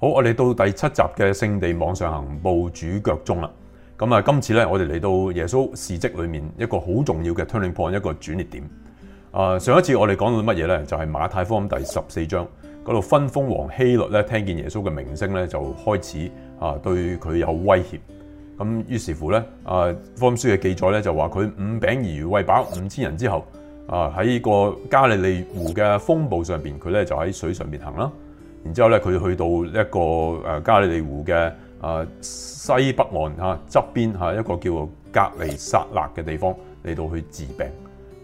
好，我哋到第七集嘅聖地網上行步主腳蹤啦。咁啊，今次呢，我哋嚟到耶穌事蹟裏面一個好重要嘅 Turning Point，一個轉捩點。啊，上一次我哋講到乜嘢呢？就係、是、馬太福音第十四章嗰度分封王希律咧，聽見耶穌嘅名聲呢，就開始啊對佢有威脅。咁於是乎呢，啊，福音書嘅記載呢，就話佢五餅二魚餵飽五千人之後，啊喺個加利利湖嘅風暴上邊，佢呢就喺水上邊行啦。然之後咧，佢去到一個誒加利利湖嘅誒西北岸嚇側邊嚇一個叫做格尼撒勒嘅地方，嚟到去治病。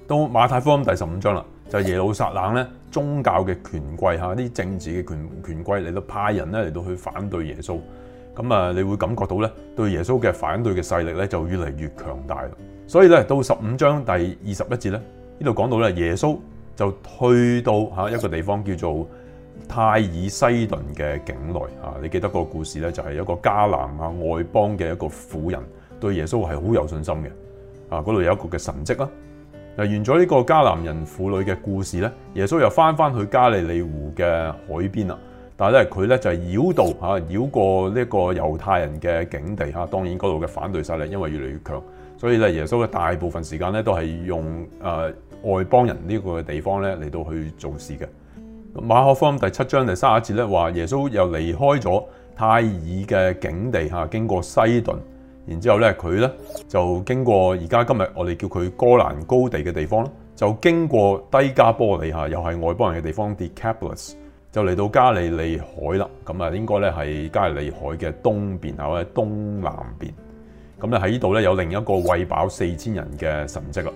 到馬太福音第十五章啦，就係耶路撒冷咧，宗教嘅權貴嚇，啲政治嘅權權貴嚟到派人咧，嚟到去反對耶穌。咁啊，你會感覺到咧，對耶穌嘅反對嘅勢力咧就越嚟越強大啦。所以咧，到十五章第二十一節咧，呢度講到咧，耶穌就退到嚇一個地方叫做泰爾西頓嘅境內啊，你記得個故事咧，就係一個加南啊外邦嘅一個婦人對耶穌係好有信心嘅啊，嗰度有一個嘅神跡啦。嗱，完咗呢個加南人婦女嘅故事咧，耶穌又翻翻去加利利湖嘅海邊啦。但係咧，佢咧就係繞道啊，繞過呢個猶太人嘅境地啊。當然嗰度嘅反對勢力因為越嚟越強，所以咧耶穌嘅大部分時間咧都係用誒外邦人呢個地方咧嚟到去做事嘅。馬可福音第七章第三十節咧，話耶穌又離開咗泰爾嘅境地，嚇經過西頓，然之後咧佢咧就經過而家今日我哋叫佢哥蘭高地嘅地方啦，就經過低加波利嚇，又係外邦人嘅地方，Decapolis，就嚟到加利利海啦。咁啊，應該咧係加利利海嘅東邊嚇或者東南邊。咁咧喺呢度咧有另一個餵飽四千人嘅神跡啦。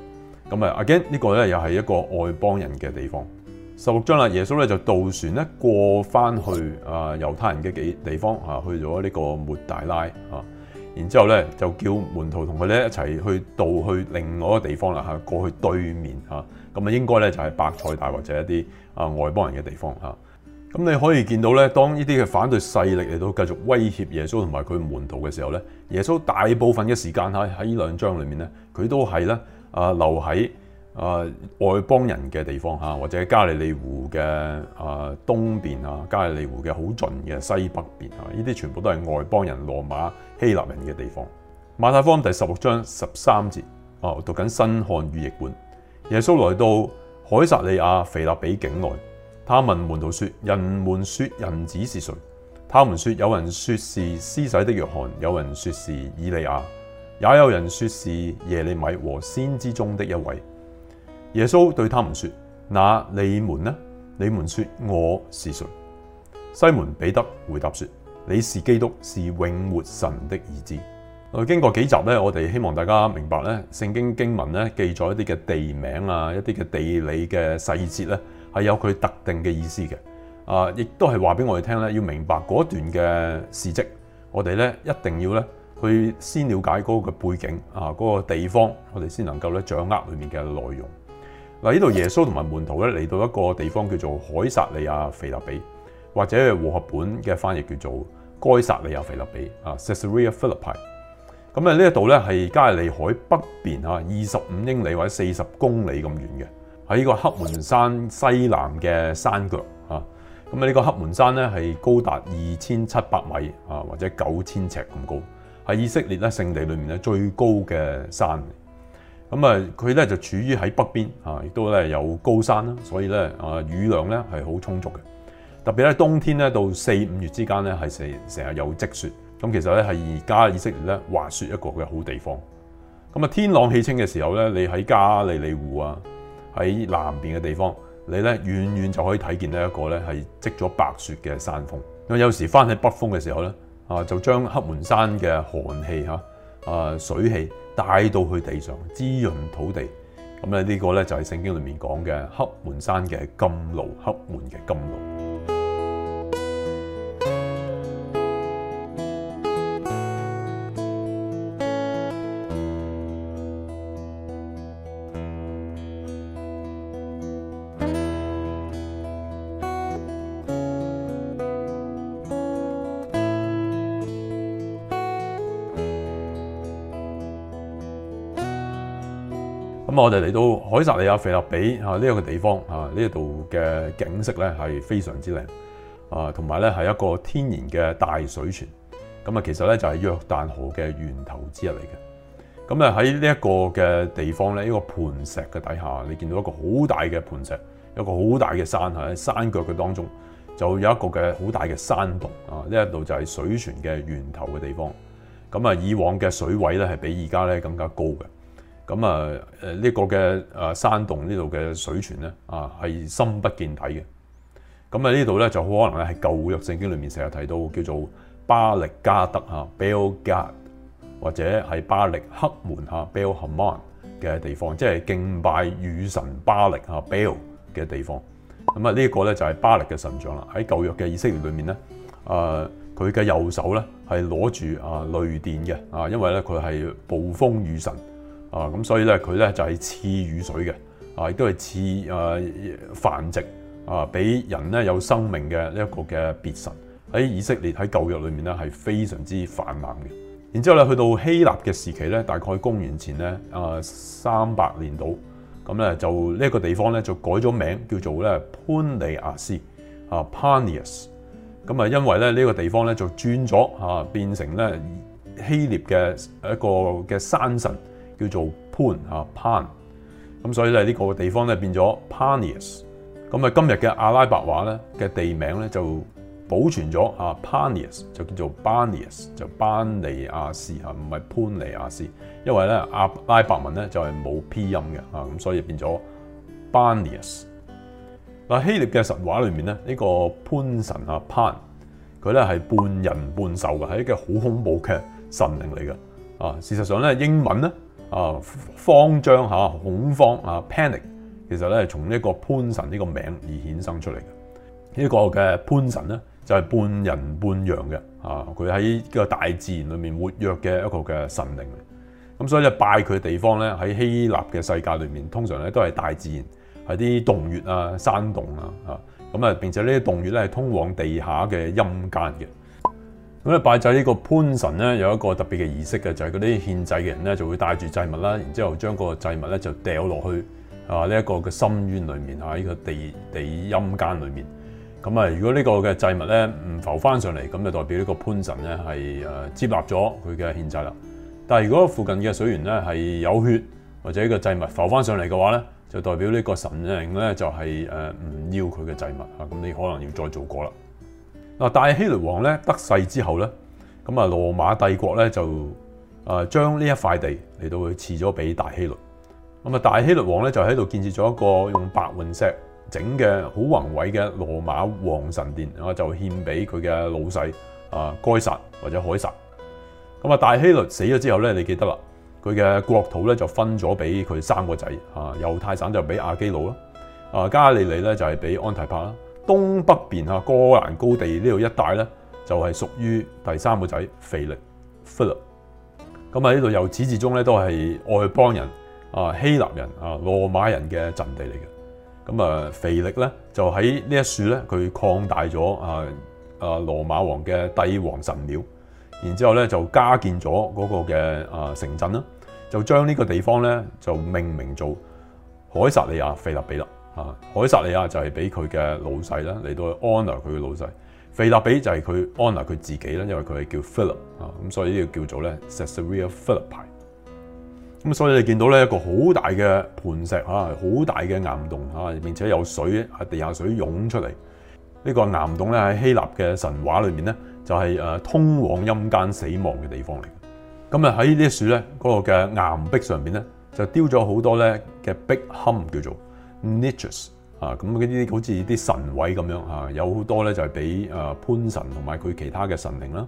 咁啊 again 呢個咧又係一個外邦人嘅地方。十六章啦，耶穌咧就渡船咧過翻去啊猶太人嘅幾地方啊，去咗呢個抹大拉啊，然之後咧就叫門徒同佢咧一齊去渡去另外一個地方啦嚇，過去對面嚇，咁啊應該咧就係伯賽大或者一啲啊外邦人嘅地方嚇。咁你可以見到咧，當呢啲嘅反對勢力嚟到繼續威脅耶穌同埋佢門徒嘅時候咧，耶穌大部分嘅時間喺喺呢兩章裏面咧，佢都係咧啊留喺。啊、呃！外邦人嘅地方嚇，或者加利利湖嘅啊、呃、東邊啊，加利利湖嘅好盡嘅西北邊啊，呢啲全部都係外邦人、羅馬、希臘人嘅地方。馬太福音第十六章十三節，哦，讀緊新漢語譯本。耶穌來到凱撒利亞腓立比境內，他問門徒說：人們說人子是誰？他們說有人說是施洗的約翰，有人說是以利亞，也有人說是耶利米和先知中的一位。耶穌對他們說：那你們呢？你們說我是誰？西門彼得回答說：你是基督，是永活神的兒子。」經過幾集呢，我哋希望大家明白咧，聖經經文咧記載一啲嘅地名啊，一啲嘅地理嘅細節咧，係有佢特定嘅意思嘅。啊，亦都係話俾我哋聽咧，要明白嗰段嘅事跡，我哋咧一定要咧去先了解嗰個背景啊，嗰個地方，我哋先能夠咧掌握裏面嘅內容。嗱，呢度耶穌同埋門徒咧嚟到一個地方叫做凱撒利亞腓立比，或者係和合本嘅翻譯叫做該撒利亞腓立比啊，Caesarea Philippi。咁啊，呢一度咧係加利利海北邊嚇，二十五英里，或者四十公里咁遠嘅，喺呢個黑門山西南嘅山腳嚇。咁啊，呢個黑門山咧係高達二千七百米啊，或者九千尺咁高，係以色列咧聖地裏面咧最高嘅山。咁啊，佢咧就處於喺北邊，啊，亦都咧有高山啦，所以咧啊，雨量咧係好充足嘅。特別咧冬天咧到四五月之間咧係成成日有積雪。咁其實咧係而家以色列咧滑雪一個嘅好地方。咁啊，天朗氣清嘅時候咧，你喺加利利湖啊，喺南邊嘅地方，你咧遠遠就可以睇見呢一個咧係積咗白雪嘅山峰。咁有時翻起北風嘅時候咧啊，就將黑門山嘅寒氣嚇啊水氣。帶到去地上滋潤土地，咁咧呢個咧就係聖經裏面講嘅黑門山嘅甘露，黑門嘅甘露。咁我哋嚟到凱撒利亞腓立比呢一個地方啊，呢一度嘅景色咧係非常之靚啊，同埋咧係一個天然嘅大水泉。咁啊，其實咧就係約旦河嘅源頭之一嚟嘅。咁啊，喺呢一個嘅地方咧，呢個盤石嘅底下，你見到一個好大嘅盤石，一個好大嘅山喺山腳嘅當中，就有一個嘅好大嘅山洞啊。呢一度就係水泉嘅源頭嘅地方。咁啊，以往嘅水位咧係比而家咧更加高嘅。咁啊，誒呢個嘅誒山洞呢度嘅水泉咧，啊係深不見底嘅。咁啊，呢度咧就好可能咧係舊約聖經裏面成日提到叫做巴力加德嚇 （Bel Gad） 或者係巴力黑門嚇 （Bel h a m o n 嘅地方，即係敬拜雨神巴力嚇 （Bel） 嘅地方。咁啊，呢一個咧就係巴力嘅神像啦。喺舊約嘅以色列裏面咧，誒佢嘅右手咧係攞住啊雷電嘅啊，因為咧佢係暴風雨神。啊，咁所以咧，佢咧就係、是、賜雨水嘅，啊，亦都係賜誒繁殖，啊，俾人咧有生命嘅呢一個嘅別神喺以色列喺舊約裏面咧係非常之氾濫嘅。然之後咧去到希臘嘅時期咧，大概公元前咧啊三百年度。咁咧就呢一、這個地方咧就改咗名叫做咧潘尼亞斯啊 Panias 咁啊因為咧呢、這個地方咧就轉咗啊變成咧希臘嘅一個嘅山神。叫做潘啊潘，咁所以咧呢個地方咧變咗 Panias 咁啊今日嘅阿拉伯話咧嘅地名咧就保存咗啊 Panias 就叫做 Banias 就班尼亞斯啊，唔係潘尼亞斯，因為咧阿拉伯文咧就係冇 P 音嘅啊，咁所以變咗 Banias。嗱希臘嘅神話裏面咧呢個潘神啊潘，佢咧係半人半獸嘅，係一個好恐怖嘅神靈嚟嘅啊。事實上咧英文咧。啊，慌張嚇，恐慌啊，panic，其實咧係從呢一個潘神呢個名而衍生出嚟嘅，呢、這、一個嘅潘神咧就係、是、半人半羊嘅，啊，佢喺個大自然裏面活躍嘅一個嘅神靈，咁所以咧拜佢嘅地方咧喺希臘嘅世界裏面，通常咧都係大自然，係啲洞穴啊、山洞啊，啊，咁啊並且呢啲洞穴咧係通往地下嘅陰間嘅。咁咧拜祭呢個潘神咧，有一個特別嘅儀式嘅，就係嗰啲獻祭嘅人咧，就會帶住祭物啦，然之後將個祭物咧就掉落去啊呢一個嘅深淵裏面啊，喺、這個地地陰間裏面。咁啊，如果呢個嘅祭物咧唔浮翻上嚟，咁就代表呢個潘神咧係誒接納咗佢嘅獻祭啦。但係如果附近嘅水源咧係有血或者呢個祭物浮翻上嚟嘅話咧，就代表呢個神靈咧就係誒唔要佢嘅祭物啊，咁你可能要再做過啦。嗱，大希律王咧得勢之後咧，咁啊羅馬帝國咧就啊將呢一塊地嚟到去賜咗俾大希律。咁啊大希律王咧就喺度建設咗一個用白雲石整嘅好宏偉嘅羅馬王神殿啊，就獻俾佢嘅老細啊該撒或者凱撒。咁啊大希律死咗之後咧，你記得啦，佢嘅國土咧就分咗俾佢三個仔啊，猶太省就俾亞基老啦，啊加利利咧就係俾安提帕啦。東北邊啊，哥蘭高地這帶呢度一帶咧，就係屬於第三個仔腓力 （Philip）。咁 Ph 啊，呢度由始至終咧都係外邦人啊，希臘人啊、羅馬人嘅陣地嚟嘅。咁啊，腓力咧就喺呢一處咧，佢擴大咗啊啊羅馬王嘅帝王神廟，然之後咧就加建咗嗰個嘅啊城鎮啦，就將呢個地方咧就命名做凱撒利亞腓立比啦。啊，凱撒利亞就係俾佢嘅老細啦，嚟到 honor 佢嘅老細。腓立比就係佢 honor 佢自己啦，因為佢係叫 Philip 啊，咁所以呢個叫做咧 Caesarea Philippi。咁所以你見到咧一個好大嘅磐石啊，好大嘅岩洞啊，並且有水喺地下水湧出嚟。呢、這個岩洞咧喺希臘嘅神話裏面咧就係誒通往陰間死亡嘅地方嚟。咁日喺呢啲處咧嗰個嘅岩壁上邊咧就雕咗好多咧嘅壁龕叫做。niche 啊，咁啲好似啲神位咁樣啊，有好多咧就係俾啊潘神同埋佢其他嘅神靈啦。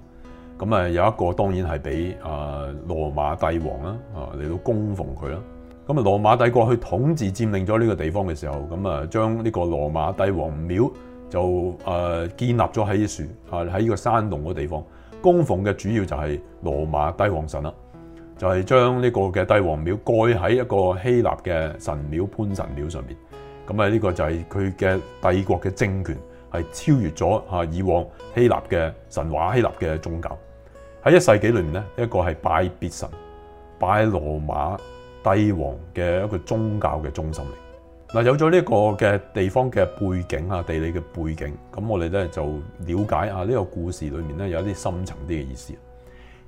咁啊有一個當然係俾啊羅馬帝王啦啊嚟到供奉佢啦。咁啊羅馬帝國去統治佔領咗呢個地方嘅時候，咁啊將呢個羅馬帝王廟就啊建立咗喺樹啊喺呢個山洞嘅地方，供奉嘅主要就係羅馬帝王神啦，就係將呢個嘅帝王廟蓋喺一個希臘嘅神廟潘神廟上邊。咁啊，呢個就係佢嘅帝國嘅政權係超越咗以往希臘嘅神話、希臘嘅宗教。喺一世紀裏面咧，一個係拜別神、拜羅馬帝王嘅一個宗教嘅中心嚟。嗱，有咗呢個嘅地方嘅背景啊、地理嘅背景，咁我哋咧就了解下呢個故事裏面咧有一啲深層啲嘅意思。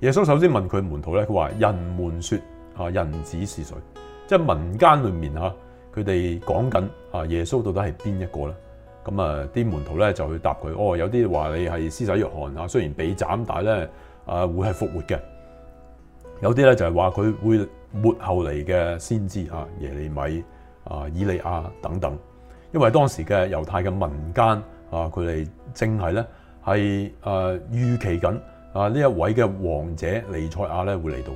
耶穌首先問佢門徒咧，佢話：人們說啊，人子是誰？即係民間裏面佢哋講緊啊，耶穌到底係邊一個咧？咁啊，啲門徒咧就去答佢。哦，有啲話你係施洗約翰啊，雖然被斬，但咧啊會係復活嘅。有啲咧就係話佢會末後嚟嘅先知啊，耶利米啊、以利亞等等。因為當時嘅猶太嘅民間啊，佢哋正係咧係誒預期緊啊呢一位嘅王者彌賽亞咧會嚟到。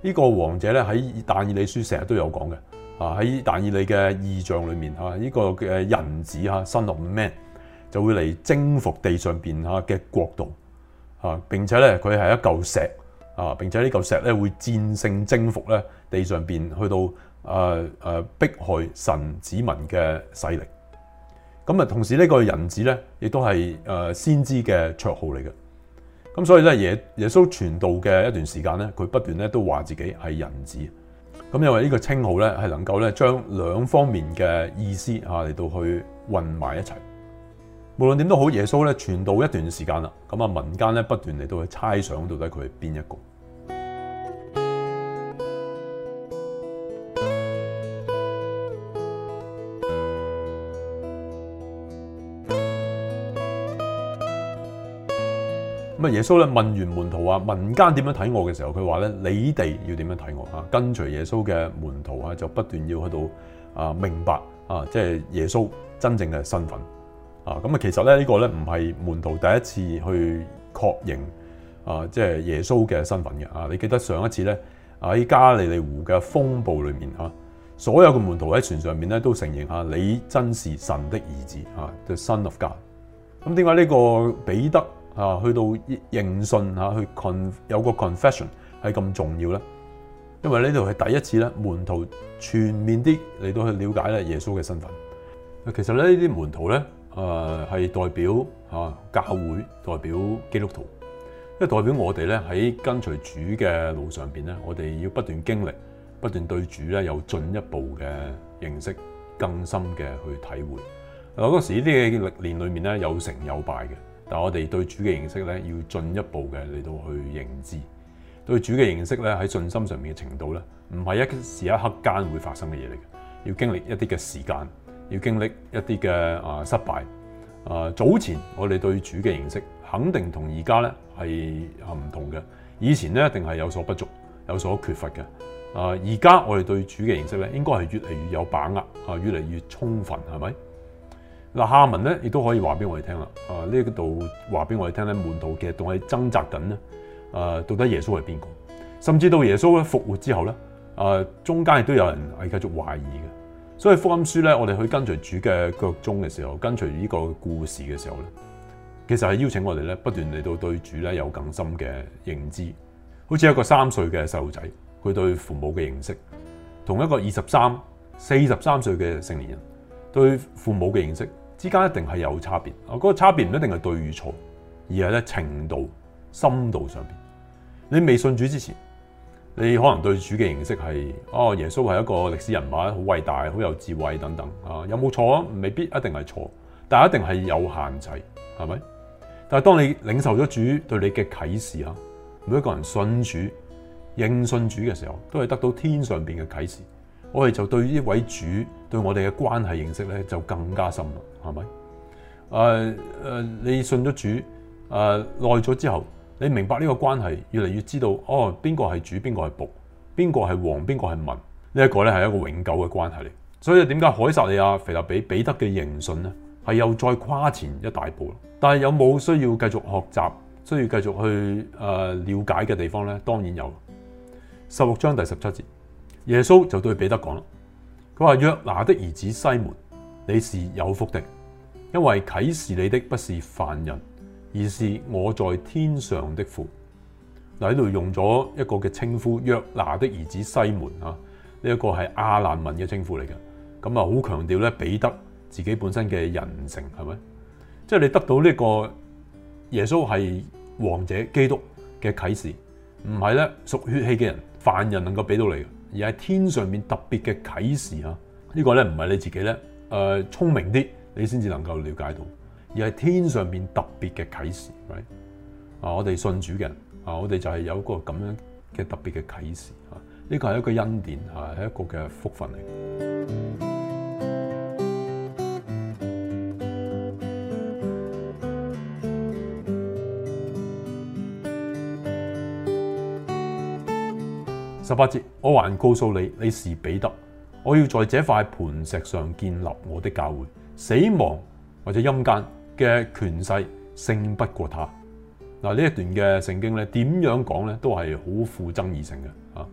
呢、這個王者咧喺但以理書成日都有講嘅。啊！喺但以理嘅意象裏面，嚇呢個嘅人子嚇，新約 Man 就會嚟征服地上邊嚇嘅國度嚇，並且咧佢係一嚿石啊！並且呢嚿石咧會戰勝征服咧地上邊去到誒誒迫害神子民嘅勢力。咁啊，同時呢、這個人子咧亦都係誒先知嘅綽號嚟嘅。咁所以咧，耶耶穌傳道嘅一段時間咧，佢不斷咧都話自己係人子。咁因為呢個稱號咧，係能夠咧將兩方面嘅意思啊嚟到去混埋一齊。無論點都好，耶穌咧傳道一段時間啦，咁啊民間咧不斷嚟到去猜想到底佢係邊一個。咁啊，耶穌咧問完門徒話，問民間點樣睇我嘅時候，佢話咧，你哋要點樣睇我啊？跟隨耶穌嘅門徒啊，就不斷要去到啊，明白啊，即係耶穌真正嘅身份啊。咁啊，其實咧呢個咧唔係門徒第一次去確認啊，即係耶穌嘅身份嘅啊。你記得上一次咧，喺加利利湖嘅風暴裏面，所有嘅門徒喺船上面咧都承認啊，你真是神的兒子啊，the son of God。咁點解呢個彼得？啊，去到認信嚇，去 con 有個 confession 係咁重要咧，因為呢度係第一次咧，門徒全面啲嚟到去了解咧耶穌嘅身份。其實咧呢啲門徒咧，誒係代表嚇教會，代表基督徒，因為代表我哋咧喺跟隨主嘅路上邊咧，我哋要不斷經歷，不斷對主咧有進一步嘅認識，更深嘅去體會。嗱，嗰時呢啲歷練裏面咧有成有敗嘅。但我哋對主嘅認識咧，要進一步嘅嚟到去認知，對主嘅認識咧喺信心上面嘅程度咧，唔係一時一刻間會發生嘅嘢嚟嘅，要經歷一啲嘅時間，要經歷一啲嘅啊失敗，啊早前我哋對主嘅認識肯定同而家咧係啊唔同嘅，以前咧一定係有所不足，有所缺乏嘅，啊而家我哋對主嘅認識咧，應該係越嚟越有把握，啊越嚟越充分，係咪？嗱，下文咧亦都可以話俾我哋聽啦。誒，呢度話俾我哋聽咧，門徒其實仲係掙扎緊咧。誒，到底耶穌係邊個？甚至到耶穌咧復活之後咧，誒，中間亦都有人係繼續懷疑嘅。所以福音書咧，我哋去跟隨主嘅腳蹤嘅時候，跟隨呢個故事嘅時候咧，其實係邀請我哋咧不斷嚟到對主咧有更深嘅認知。好似一個三歲嘅細路仔，佢對父母嘅認識，同一個二十三、四十三歲嘅成年人，對父母嘅認識之間一定係有差別，我、那、嗰個差別唔一定係對與錯，而係喺程度、深度上邊。你未信主之前，你可能對主嘅認識係，哦，耶穌係一個歷史人物，好偉大，好有智慧等等啊，有冇錯啊？未必一定係錯，但係一定係有限制，係咪？但係當你領受咗主對你嘅啟示啊，每一個人信主、認信主嘅時候，都係得到天上邊嘅啟示。我哋就對於一位主。對我哋嘅關係認識咧就更加深啦，係咪？誒、呃、誒、呃，你信咗主誒耐咗之後，你明白呢個關係越嚟越知道哦，邊個係主，邊個係僕，邊個係王，邊個係民，呢、這、一個咧係一個永久嘅關係嚟。所以點解凱撒利亞、腓立比、彼得嘅認信咧，係又再跨前一大步？但係有冇需要繼續學習，需要繼續去誒了解嘅地方咧？當然有。十六章第十七節，耶穌就對彼得講。佢話約拿的兒子西門，你是有福的，因為啟示你的不是凡人，而是我在天上的父。嗱喺度用咗一個嘅稱呼約拿的兒子西門啊，呢、這、一個係亞蘭文嘅稱呼嚟嘅，咁啊好強調咧彼得自己本身嘅人性係咪？即係你得到呢個耶穌係王者基督嘅啟示，唔係咧屬血氣嘅人凡人能夠俾到你。而係天上面特別嘅啟示啊！呢、這個咧唔係你自己咧，誒、呃、聰明啲你先至能夠了解到，而係天上面特別嘅啟示，right 啊！我哋信主嘅人啊，我哋就係有一個咁樣嘅特別嘅啟示啊！呢、這個係一個恩典啊，係一個嘅福分嚟。十八節，我還告訴你，你是彼得，我要在這塊磐石上建立我的教會。死亡或者陰間嘅權勢勝不過他。嗱，呢一段嘅聖經咧，點樣講咧，都係好富爭議性嘅。啊，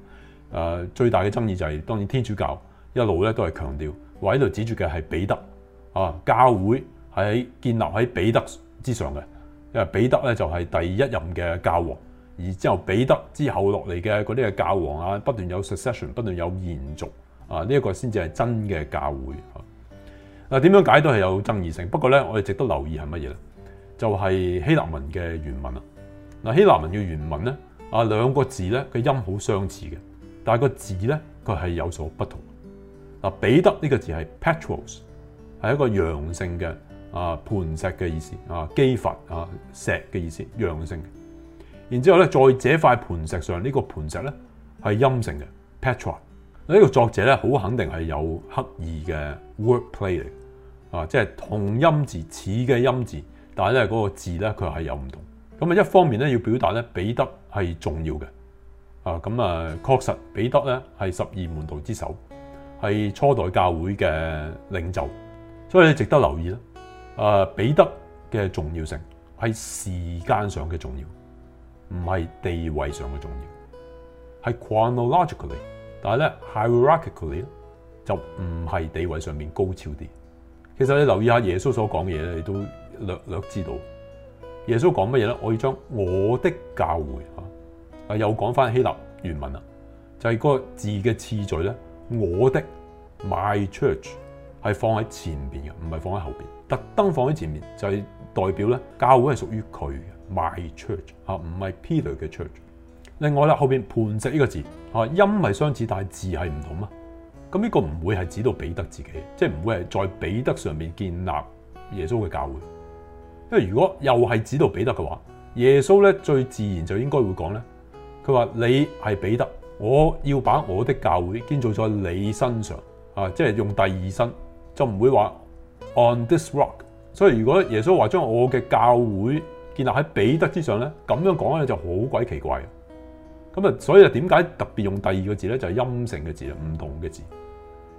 誒，最大嘅爭議就係，當然天主教一路咧都係強調，話呢度指住嘅係彼得啊，教會係建立喺彼得之上嘅，因為彼得咧就係第一任嘅教皇。而之後彼得之後落嚟嘅嗰啲嘅教皇啊，不斷有 succession，不斷有延續。啊，呢一個先至係真嘅教會。嗱，點樣解都係有爭議性，不過咧我哋值得留意係乜嘢咧？就係、是、希臘文嘅原文啦。嗱，希臘文嘅原文咧，啊兩個字咧嘅音好相似嘅，但係個字咧佢係有所不同。嗱，彼得呢個字係 petros，係一個陽性嘅啊磐石嘅意思啊，基佛啊石嘅意思陽性的。然之後咧，在這塊盤石上，呢、這個盤石咧係陰性嘅 petra、這、呢個作者咧好肯定係有刻意嘅 wordplay 嚟，啊，即係同音字似嘅音字，但係咧個字咧佢係有唔同。咁啊，一方面咧要表達咧彼得係重要嘅，啊咁啊，啊，確實彼得咧係十二門徒之首，係初代教會嘅領袖，所以值得留意啦、啊。彼得嘅重要性係時間上嘅重要。唔係地位上嘅重要，係 chronologically，但係咧 hierarchically 咧就唔係地位上面高超啲。其實你留意下耶穌所講嘅嘢咧，你都略略知道耶穌講乜嘢咧。我要將我的教會吓，又講翻希臘原文啦，就係嗰個字嘅次序咧，我的 my church 係放喺前邊嘅，唔係放喺後邊，特登放喺前面就係代表咧教會係屬於佢嘅。My church 唔係 Peter 嘅 church。另外啦，後邊磐石呢個字啊，音係相似，但係字係唔同啊。咁、這、呢個唔會係指到彼得自己，即係唔會係在彼得上面建立耶穌嘅教會。因為如果又係指到彼得嘅話，耶穌咧最自然就應該會講咧，佢話你係彼得，我要把我的教會建造在你身上啊，即係用第二身，就唔會話 on this rock。所以如果耶穌話將我嘅教會，建立喺彼得之上咧，咁樣講咧就好鬼奇怪。咁啊，所以啊，點解特別用第二個字咧？就係陰性嘅字啊，唔同嘅字，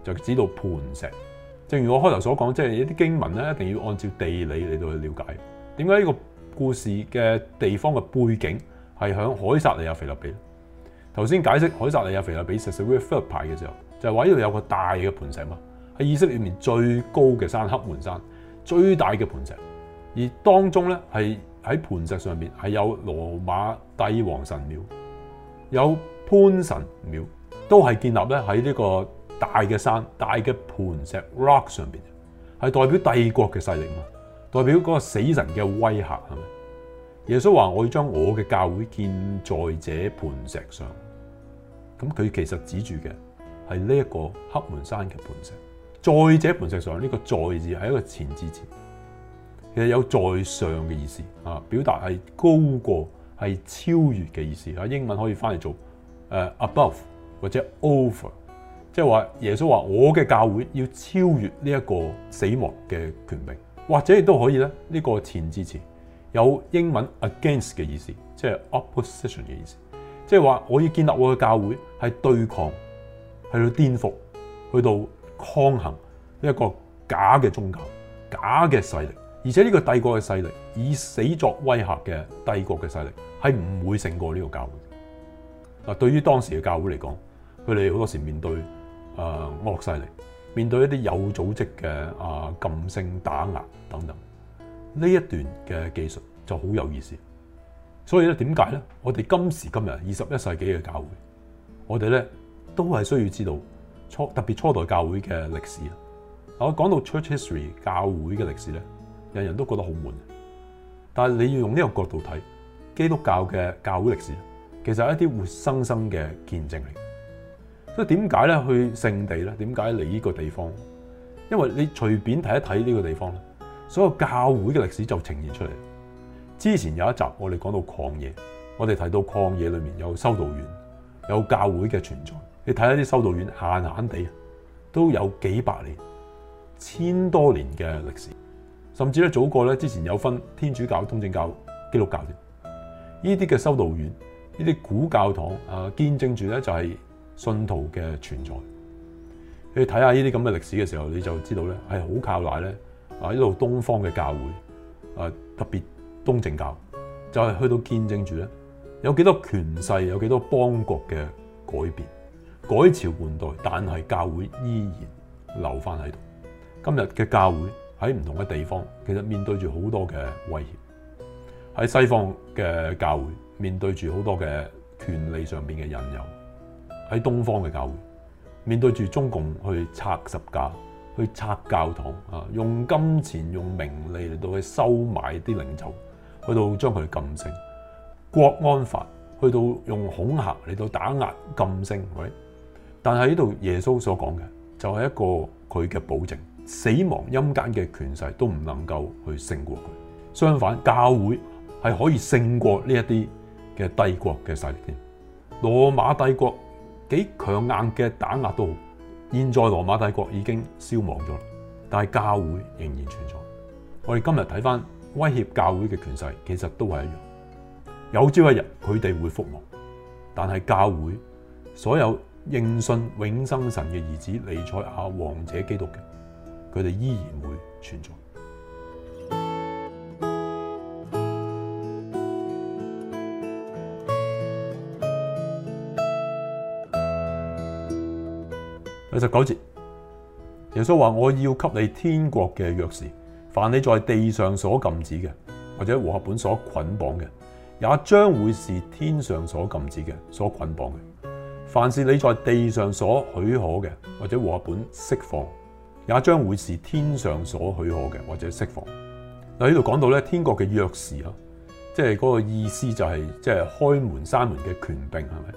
就指到磐石。正如我開頭所講，即係一啲經文咧，一定要按照地理嚟到去了解。點解呢個故事嘅地方嘅背景係喺凱撒利亞腓立比？頭先解釋凱撒利亞腓立比是 refer 牌嘅時候，就話呢度有一個大嘅磐石嘛，係以色列裏面最高嘅山黑門山，最大嘅磐石，而當中咧係。喺磐石上邊係有羅馬帝王神廟，有潘神廟，都係建立咧喺呢個大嘅山，大嘅磐石 rock 上邊，係代表帝國嘅勢力嘛，代表嗰個死神嘅威嚇係咪？耶穌話我要將我嘅教會建在這磐石上，咁佢其實指住嘅係呢一個黑門山嘅磐石。在這磐石上呢，這個在字係一個前置詞，字。其實有在上嘅意思啊，表達係高過係超越嘅意思啊。英文可以翻嚟做誒 above 或者 over，即係話耶穌話我嘅教會要超越呢一個死亡嘅權柄，或者亦都可以咧。呢個前置詞有英文 against 嘅意思，即係 opposition 嘅意思，即係話我要建立我嘅教會係對抗，是去到顛覆，去到抗衡呢一個假嘅宗教、假嘅勢力。而且呢個帝國嘅勢力，以死作威嚇嘅帝國嘅勢力係唔會勝過呢個教會嗱。對於當時嘅教會嚟講，佢哋好多時面對啊惡勢力，面對一啲有組織嘅啊、呃、禁聲打壓等等，呢一段嘅記述就好有意思。所以咧，點解咧？我哋今時今日二十一世紀嘅教會，我哋咧都係需要知道初特別初代教會嘅歷史嗱。我講到 Church History 教會嘅歷史咧。人人都覺得好悶，但係你要用呢個角度睇基督教嘅教會歷史，其實係一啲活生生嘅見證嚟。所以點解咧去聖地咧？點解嚟呢個地方？因為你隨便睇一睇呢個地方，所有教會嘅歷史就呈現出嚟。之前有一集我哋講到曠野，我哋提到曠野裏面有修道院，有教會嘅存在。你睇一啲修道院，硬硬地都有幾百年、千多年嘅歷史。甚至咧，早過咧，之前有分天主教、東正教、基督教添。呢啲嘅修道院，呢啲古教堂啊，見證住咧就係信徒嘅存在。你睇下呢啲咁嘅歷史嘅時候，你就知道咧係好靠賴咧啊！呢度東方嘅教會啊，特別東正教就係、是、去到見證住咧，有幾多權勢，有幾多邦國嘅改變、改朝換代，但係教會依然留翻喺度。今日嘅教會，喺唔同嘅地方，其實面對住好多嘅威脅；喺西方嘅教會面對住好多嘅權利上邊嘅引誘；喺東方嘅教會面對住中共去拆十架、去拆教堂啊，用金錢、用名利嚟到去收買啲領袖，去到將佢禁聲；國安法去到用恐嚇嚟到打壓禁聲。喂，但係呢度耶穌所講嘅就係一個佢嘅保證。死亡陰間嘅權勢都唔能夠去勝過佢，相反教會係可以勝過呢一啲嘅帝國嘅勢力添。羅馬帝國幾強硬嘅打壓都好，現在羅馬帝國已經消亡咗啦，但係教會仍然存在。我哋今日睇返威脅教會嘅權勢，其實都係一樣，有朝一日佢哋會覆亡，但係教會所有認信永生神嘅兒子彌賽亞王者，基督嘅。佢哋依然會存在。第十九節，耶穌話：我要給你天國嘅鑰匙。凡你在地上所禁止嘅，或者和合本所捆綁嘅，也將會是天上所禁止嘅、所捆綁嘅；凡是你在地上所許可嘅，或者和合本釋放。也將會是天上所許可嘅，或者釋放嗱。呢度講到咧，天國嘅鑰匙啊，即係嗰個意思就係即係開門閂門嘅權柄係咪？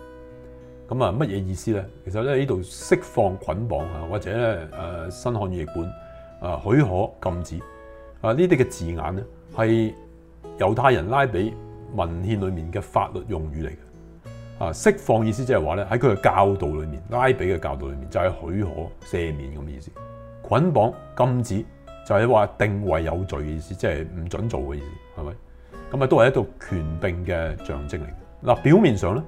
咁啊，乜嘢意思咧？其實咧，呢度釋放捆綁啊，或者咧誒新漢語譯本啊，許可禁止啊，呢啲嘅字眼咧係猶太人拉比文獻裏面嘅法律用語嚟嘅啊。釋放意思即係話咧喺佢嘅教導裏面，拉比嘅教導裏面就係、是、許可赦免咁嘅意思。捆綁禁止就係話定位有罪嘅意思，即係唔準做嘅意思，係咪？咁啊，都係一道權柄嘅象徵嚟。嗱，表面上咧，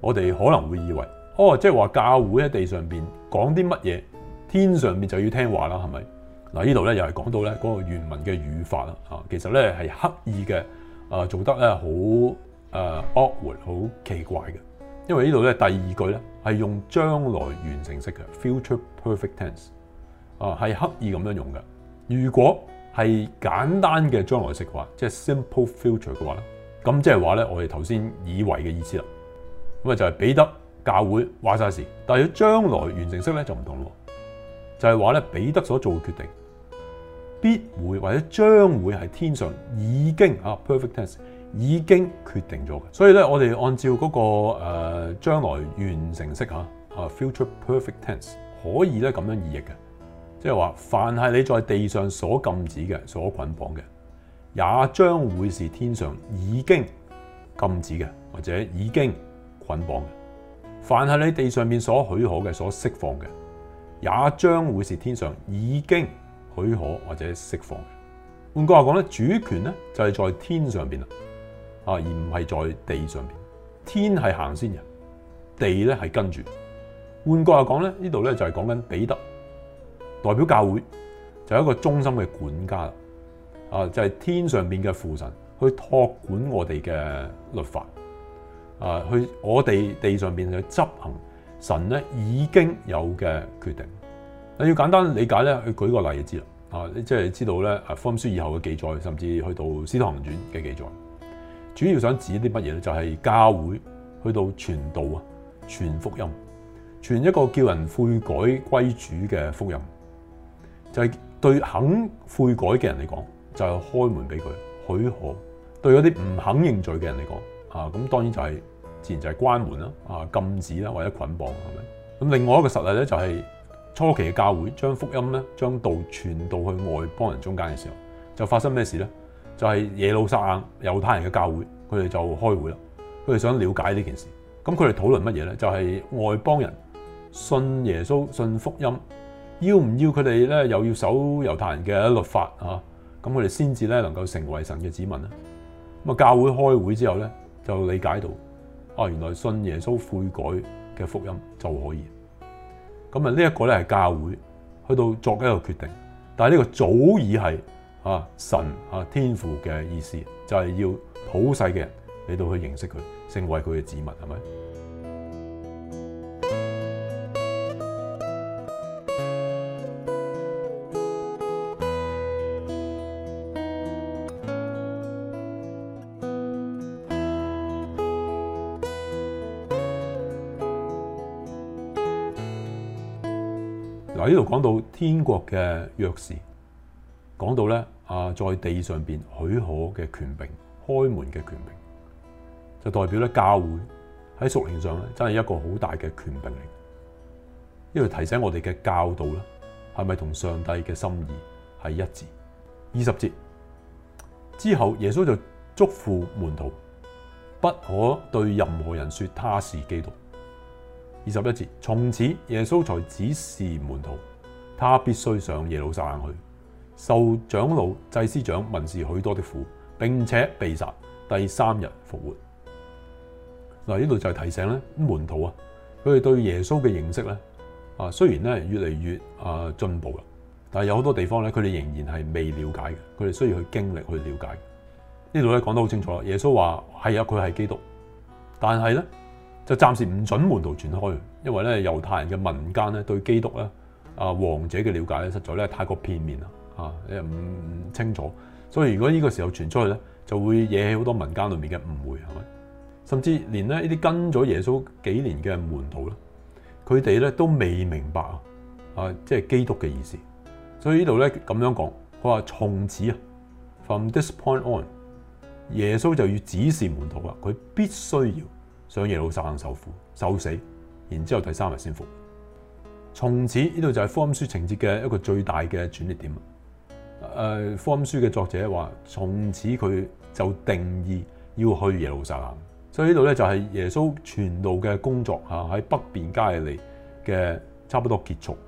我哋可能會以為，哦，即係話教會喺地上邊講啲乜嘢，天上面就要聽話啦，係咪？嗱，呢度咧又係講到咧嗰個原文嘅語法啦，其實咧係刻意嘅，做得咧好誒 awkward，好奇怪嘅，因為呢度咧第二句咧係用將來完成式嘅 future perfect tense。啊，係刻意咁樣用嘅。如果係簡單嘅將來式嘅話，即係 simple future 嘅話咧，咁即係話咧，我哋頭先以為嘅意思啦。咁啊就係、是、彼得教會話晒事，但係佢果將來完成式咧就唔同咯，就係話咧彼得所做嘅決定，必會或者將會係天上已經啊 perfect tense 已經決定咗嘅。所以咧我哋按照嗰、那個誒、呃、將來完成式吓啊 future perfect tense 可以咧咁樣意譯嘅。即係話，凡係你在地上所禁止嘅、所捆綁嘅，也將會是天上已經禁止嘅或者已經捆綁嘅；凡係你地上面所許可嘅、所釋放嘅，也將會是天上已經許可或者釋放嘅。換句話講咧，主權咧就係在天上邊啦，啊，而唔係在地上邊。天係行先人，地咧係跟住。換句話講咧，呢度咧就係講緊彼得。代表教會就係一個中心嘅管家啊，就係天上邊嘅父神去託管我哋嘅律法，啊，去我哋地上邊去執行神咧已經有嘅決定。你要簡單理解咧，去舉個例子啦，啊，即係知道咧，福音書以後嘅記載，甚至去到《使徒行傳》嘅記載，主要想指啲乜嘢咧？就係教會去到傳道啊，傳福音，傳一個叫人悔改歸主嘅福音。就係對肯悔改嘅人嚟講，就係、是、開門俾佢許可；對嗰啲唔肯認罪嘅人嚟講，啊咁當然就係、是、自然就係關門啦，啊禁止啦或者捆綁咁樣。咁另外一個實例咧，就係、是、初期嘅教會將福音咧將道傳到去外邦人中間嘅時候，就發生咩事咧？就係、是、耶路撒冷猶太人嘅教會，佢哋就開會啦，佢哋想了解呢件事。咁佢哋討論乜嘢咧？就係、是、外邦人信耶穌、信福音。要唔要佢哋咧？又要守猶太人嘅律法啊？咁佢哋先至咧能夠成為神嘅子民啊！咁啊，教會開會之後咧，就理解到啊，原來信耶穌悔改嘅福音就可以。咁啊，呢一個咧係教會去到作一個決定，但係呢個早已係啊神啊天父嘅意思，就係要普世嘅人嚟到去認識佢，成為佢嘅子民，係咪？喺呢度講到天國嘅鑰匙，講到咧啊，在地上邊許可嘅權柄，開門嘅權柄，就代表咧教會喺屬靈上咧真係一個好大嘅權柄嚟。呢度提醒我哋嘅教導啦，係咪同上帝嘅心意係一致？二十節之後，耶穌就囑咐門徒，不可對任何人說他是基督。二十一節，從此耶穌才指示門徒，他必須上耶路撒冷去，受長老、祭司長、文士許多的苦，並且被殺，第三日復活。嗱，呢度就係提醒咧，門徒啊，佢哋對耶穌嘅認識咧，啊，雖然咧越嚟越啊進步噶，但係有好多地方咧，佢哋仍然係未了解嘅，佢哋需要去經歷去了解。呢度咧講得好清楚啦，耶穌話係啊，佢係基督，但係咧。就暫時唔准門徒傳開，因為咧猶太人嘅民間咧對基督咧啊王者嘅了解咧實在咧太過片面啦，嚇，唔唔清楚。所以如果呢個時候傳出去咧，就會惹起好多民間裏面嘅誤會，係咪？甚至連咧呢啲跟咗耶穌幾年嘅門徒咧，佢哋咧都未明白啊啊！即係基督嘅意思。所以呢度咧咁樣講，佢話從此啊，From this point on，耶穌就要指示門徒啦，佢必須要上耶路撒冷受苦、受死，然之後第三日先復活。從此呢度就係福音書情節嘅一個最大嘅轉捩點。誒,福音書嘅作者話，從此佢就定義要去耶路撒冷。所以呢度咧就係耶穌傳道嘅工作吓，喺北邊加利利嘅差不多結束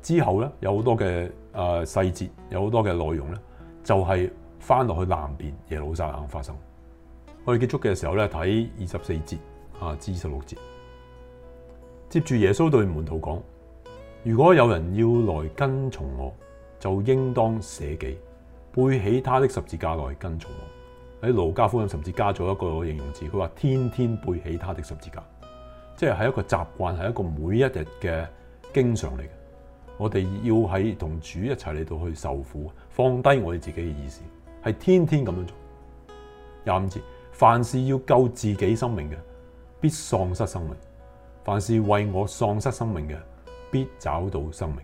之後咧，有好多嘅誒細節，有好多嘅內容咧，就係翻落去南邊耶路撒冷發生。我哋結束嘅時候咧睇二十四節。啊，至十六節，接住耶穌對門徒講：如果有人要來跟從我，就應當捨己，背起他的十字架來跟從我。喺路加福音甚至加咗一個形容詞，佢話天天背起他的十字架，即係係一個習慣，係一個每一日嘅經常嚟嘅。我哋要喺同主一齊嚟到去受苦，放低我哋自己嘅意思，係天天咁樣做。廿五節，凡事要救自己生命嘅，必喪失生命，凡是為我喪失生命嘅，必找到生命。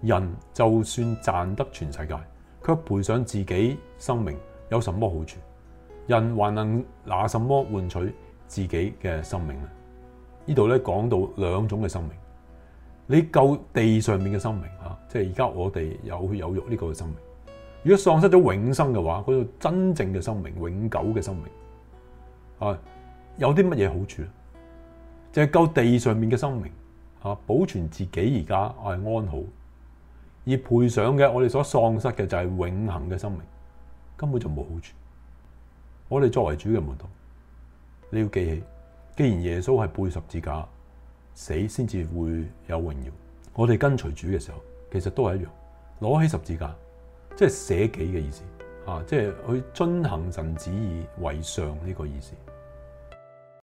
人就算賺得全世界，卻賠上自己生命，有什麼好處？人還能拿什麼換取自己嘅生命呢？呢度咧講到兩種嘅生命，你舊地上面嘅生命啊，即係而家我哋有血有肉呢個嘅生命。如果喪失咗永生嘅話，嗰個真正嘅生命，永久嘅生命啊！有啲乜嘢好處啊？就係救地上面嘅生命，吓保存自己而家係安好，而賠償嘅我哋所喪失嘅就係永恒嘅生命，根本就冇好處。我哋作為主嘅門徒，你要記起，既然耶穌係背十字架死先至會有榮耀，我哋跟隨主嘅時候，其實都係一樣，攞起十字架，即係捨己嘅意思，即係去遵行神旨意為上呢個意思。